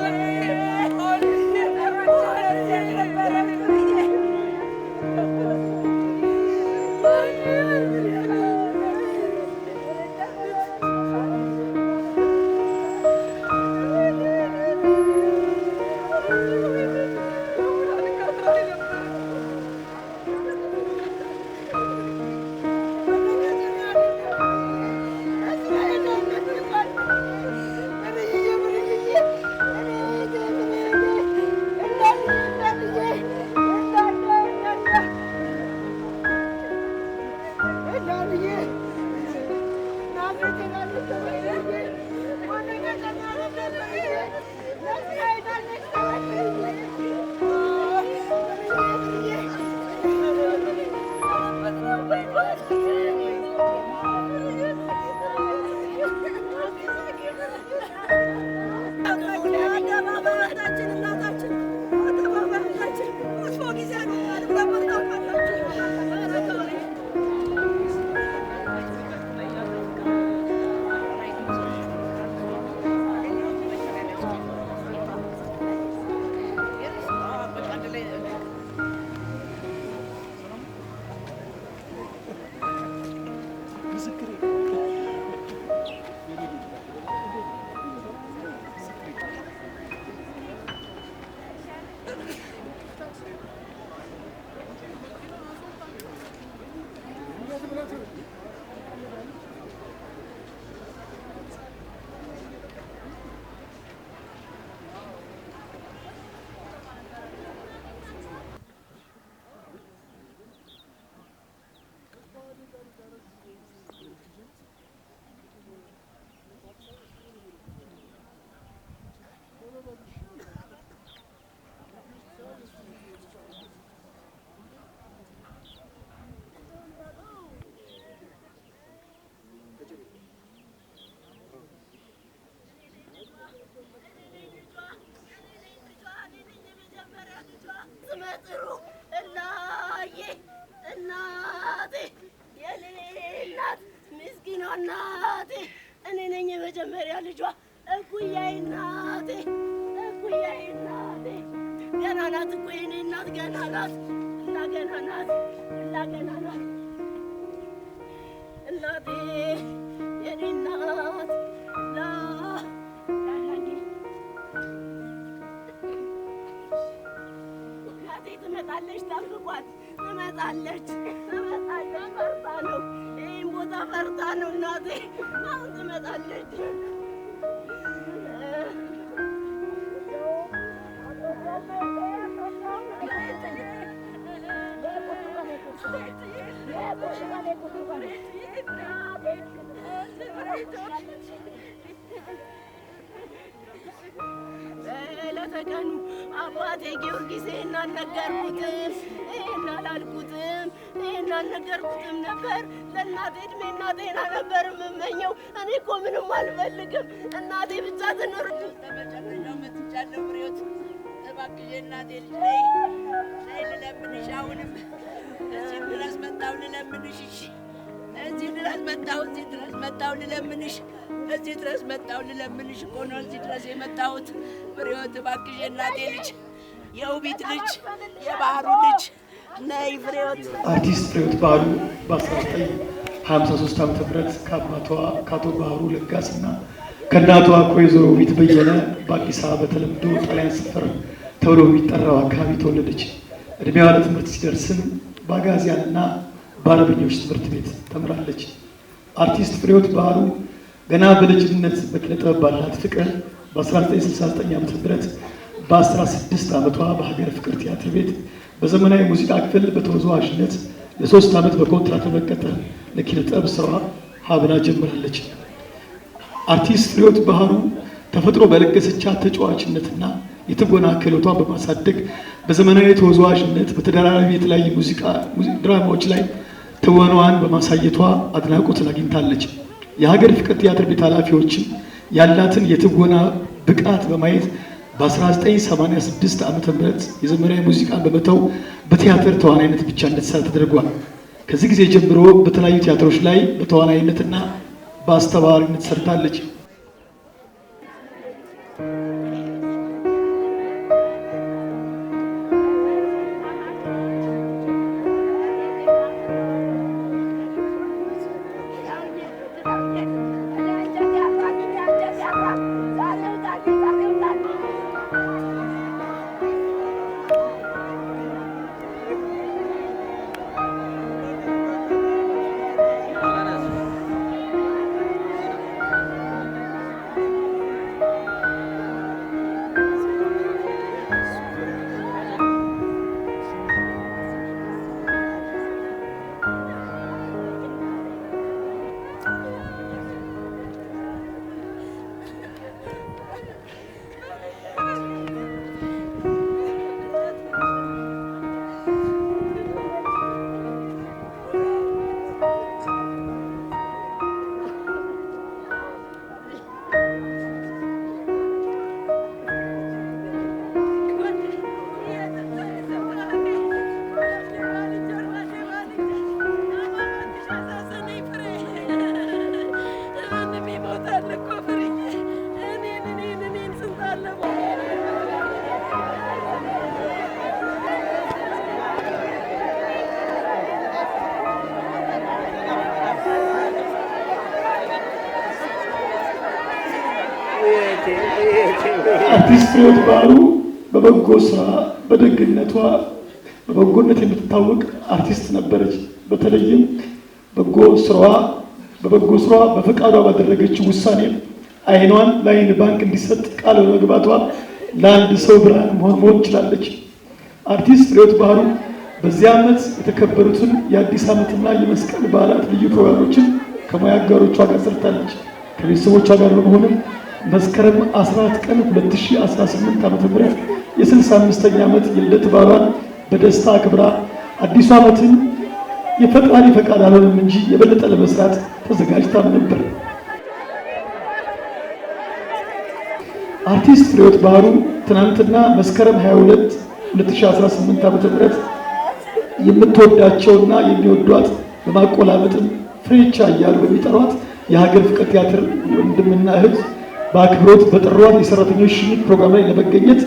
Hallelujah. Thank you. እናቴ እኔ ነኝ የመጀመሪያ ልጇ እኩያይ እናቴ እኩያይ እናቴ ገና ናት እኮ የእኔ እናት ገና ናት እና ገና ናት እና ገና ናት እናቴ የእኔ እናት እናቴ ትመጣለች፣ ጠብቋት፣ ትመጣለች ትመጣለች። ነው Ne Sultanım Nazi Malzemet anneciğim. لا تكنوا አባቴ ጊዮርጊስ ይህን አልነገርኩትም፣ ይህን አላልኩትም፣ ይህን አልነገርኩትም ነበር። ለእናቴ እድሜና ጤና ነበር የምመኘው። እኔ እኮ ምንም አልፈልግም። እናቴ ብቻ ትኑር። ተመጨረሻው መትቻለሁ። ብሬዎት እባክሽ እናቴ ልጅ ላይ ልለምንሽ፣ አሁንም እዚህ ድረስ መጣሁ ልለምንሽ። እሺ እዚህ ድረስ መጣሁ፣ እዚህ ድረስ መጣሁ ልለምንሽ፣ እዚህ ድረስ መጣሁ ልለምንሽ እኮ ነው እዚህ ድረስ የመጣሁት። እባክሽ፣ የእናቴ ልጅ፣ የውቢት ልጅ፣ የባህሩ ልጅ ነይ አርቲስት ባህሩ በ1953 ዓ.ም ከአባቷ ከአቶ ባህሩ ለጋስ እና ከእናቷ ውቢት በየነ በአዲስ አበባ በተለምዶ ጣሊያን ሰፈር ተብሎ የሚጠራው አካባቢ ተወለደች። እድሜዋ ለትምህርት ሲደርስም በአረበኞች ትምህርት ቤት ተምራለች። አርቲስት ፍሬወት ባህሩ ገና በልጅነት በኪነ ጥበብ ባላት ፍቅር በ1969 ዓ ም በ16 ዓመቷ በሀገር ፍቅር ቲያትር ቤት በዘመናዊ ሙዚቃ ክፍል በተወዛዋዥነት ለሶስት ዓመት በኮንትራት በመቀጠር ለኪነ ጥበብ ስራ ሀብና ጀምራለች። አርቲስት ፍሬሕይወት ባህሩ ተፈጥሮ በለገሰቻ ተጫዋችነትና የትወና ክህሎቷ በማሳደግ በዘመናዊ ተወዛዋዥነት በተደራራቢ የተለያዩ ሙዚቃ ድራማዎች ላይ ትወናዋን በማሳየቷ አድናቆትን አግኝታለች። የሀገር ፍቅር ቲያትር ቤት ኃላፊዎችም ያላትን የትወና ብቃት በማየት በ1986 ዓ ም የዘመናዊ ሙዚቃን በመተው በቲያትር ተዋናይነት ብቻ እንድትሰራ ተደርጓል። ከዚህ ጊዜ ጀምሮ በተለያዩ ቲያትሮች ላይ በተዋናይነትና በአስተባባሪነት ሰርታለች። አርቲስት ፍሬሕይወት ባህሩ በበጎ ስራ በደግነቷ በበጎነት የምትታወቅ አርቲስት ነበረች። በተለይም በጎ ስራዋ በበጎ ስራዋ በፈቃዷ ባደረገችው ውሳኔ አይኗን ለአይን ባንክ እንዲሰጥ ቃል በመግባቷ ለአንድ ሰው ብርሃን መሆን መሆን ትችላለች። አርቲስት ፍሬሕይወት በዓሉ በዚህ ዓመት የተከበሩትን የአዲስ ዓመትና የመስቀል በዓላት ልዩ ፕሮግራሞችን ከሙያ አጋሮቿ ጋር ሰርታለች። ከቤተሰቦቿ ጋር በመሆንም መስከረም 14 ቀን 2018 ዓ.ም የ65ኛ ዓመት የልደት በዓሏን በደስታ አክብራ አዲሱ ዓመትን የፈጣሪ ፈቃድ አልሆንም እንጂ የበለጠ ለመስራት ተዘጋጅታም ነበር። አርቲስት ፍሬወት ባህሩ ትናንትና መስከረም 22 2018 ዓ.ም የምትወዳቸውና የሚወዷት በማቆላመጥም ፍሬቻ እያሉ በሚጠሯት የሀገር ፍቅር ቲያትር ወንድምና እህት በአክብሮት በጥሯት የሰራተኞች ሽኝት ፕሮግራም ላይ ለመገኘት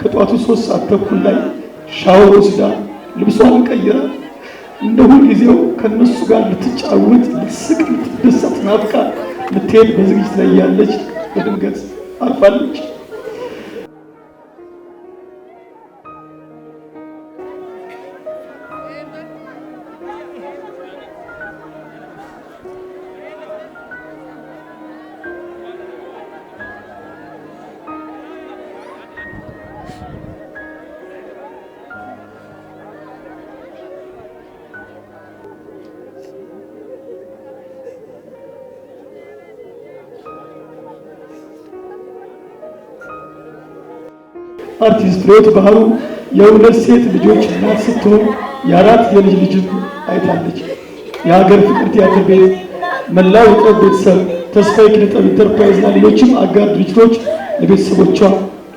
ከጠዋቱ ሶስት ሰዓት ተኩል ላይ ሻወር ወስዳ ልብሷን ቀይራ እንደ ሁልጊዜው ከነሱ ጋር ልትጫወት ልትስቅ፣ ልትደሰት ናፍቃ ልትሄድ በዝግጅት ላይ ያለች በድንገት አርፋለች። አርቲስት ፍሬት ባህሩ የሁለት ሴት ልጆች እናት ስትሆን የአራት የልጅ ልጅን አይታለች። የሀገር ፍቅር ቲያትር ቤት፣ መላው የጥበብ ቤተሰብ፣ ተስፋ የኪነጥበብ ኢንተርፕራይዝና ሌሎችም አጋር ድርጅቶች ለቤተሰቦቿ፣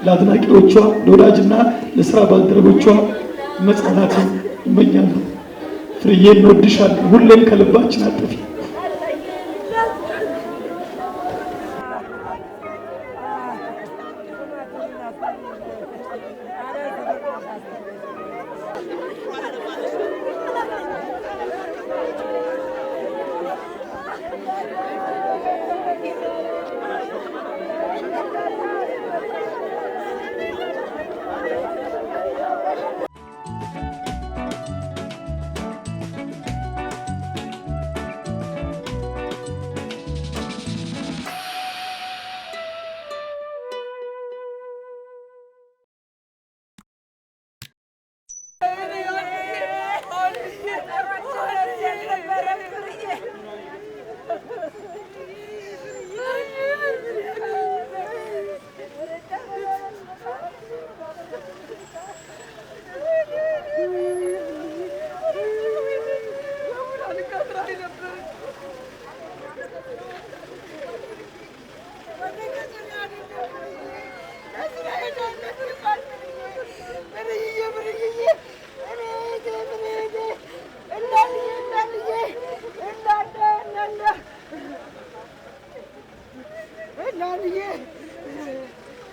ለአድናቂዎቿ፣ ለወዳጅና ለስራ ባልደረቦቿ መጽናናትን ይመኛሉ። ፍርዬ እንወድሻለን፣ ሁሌም ከልባችን አጠፊ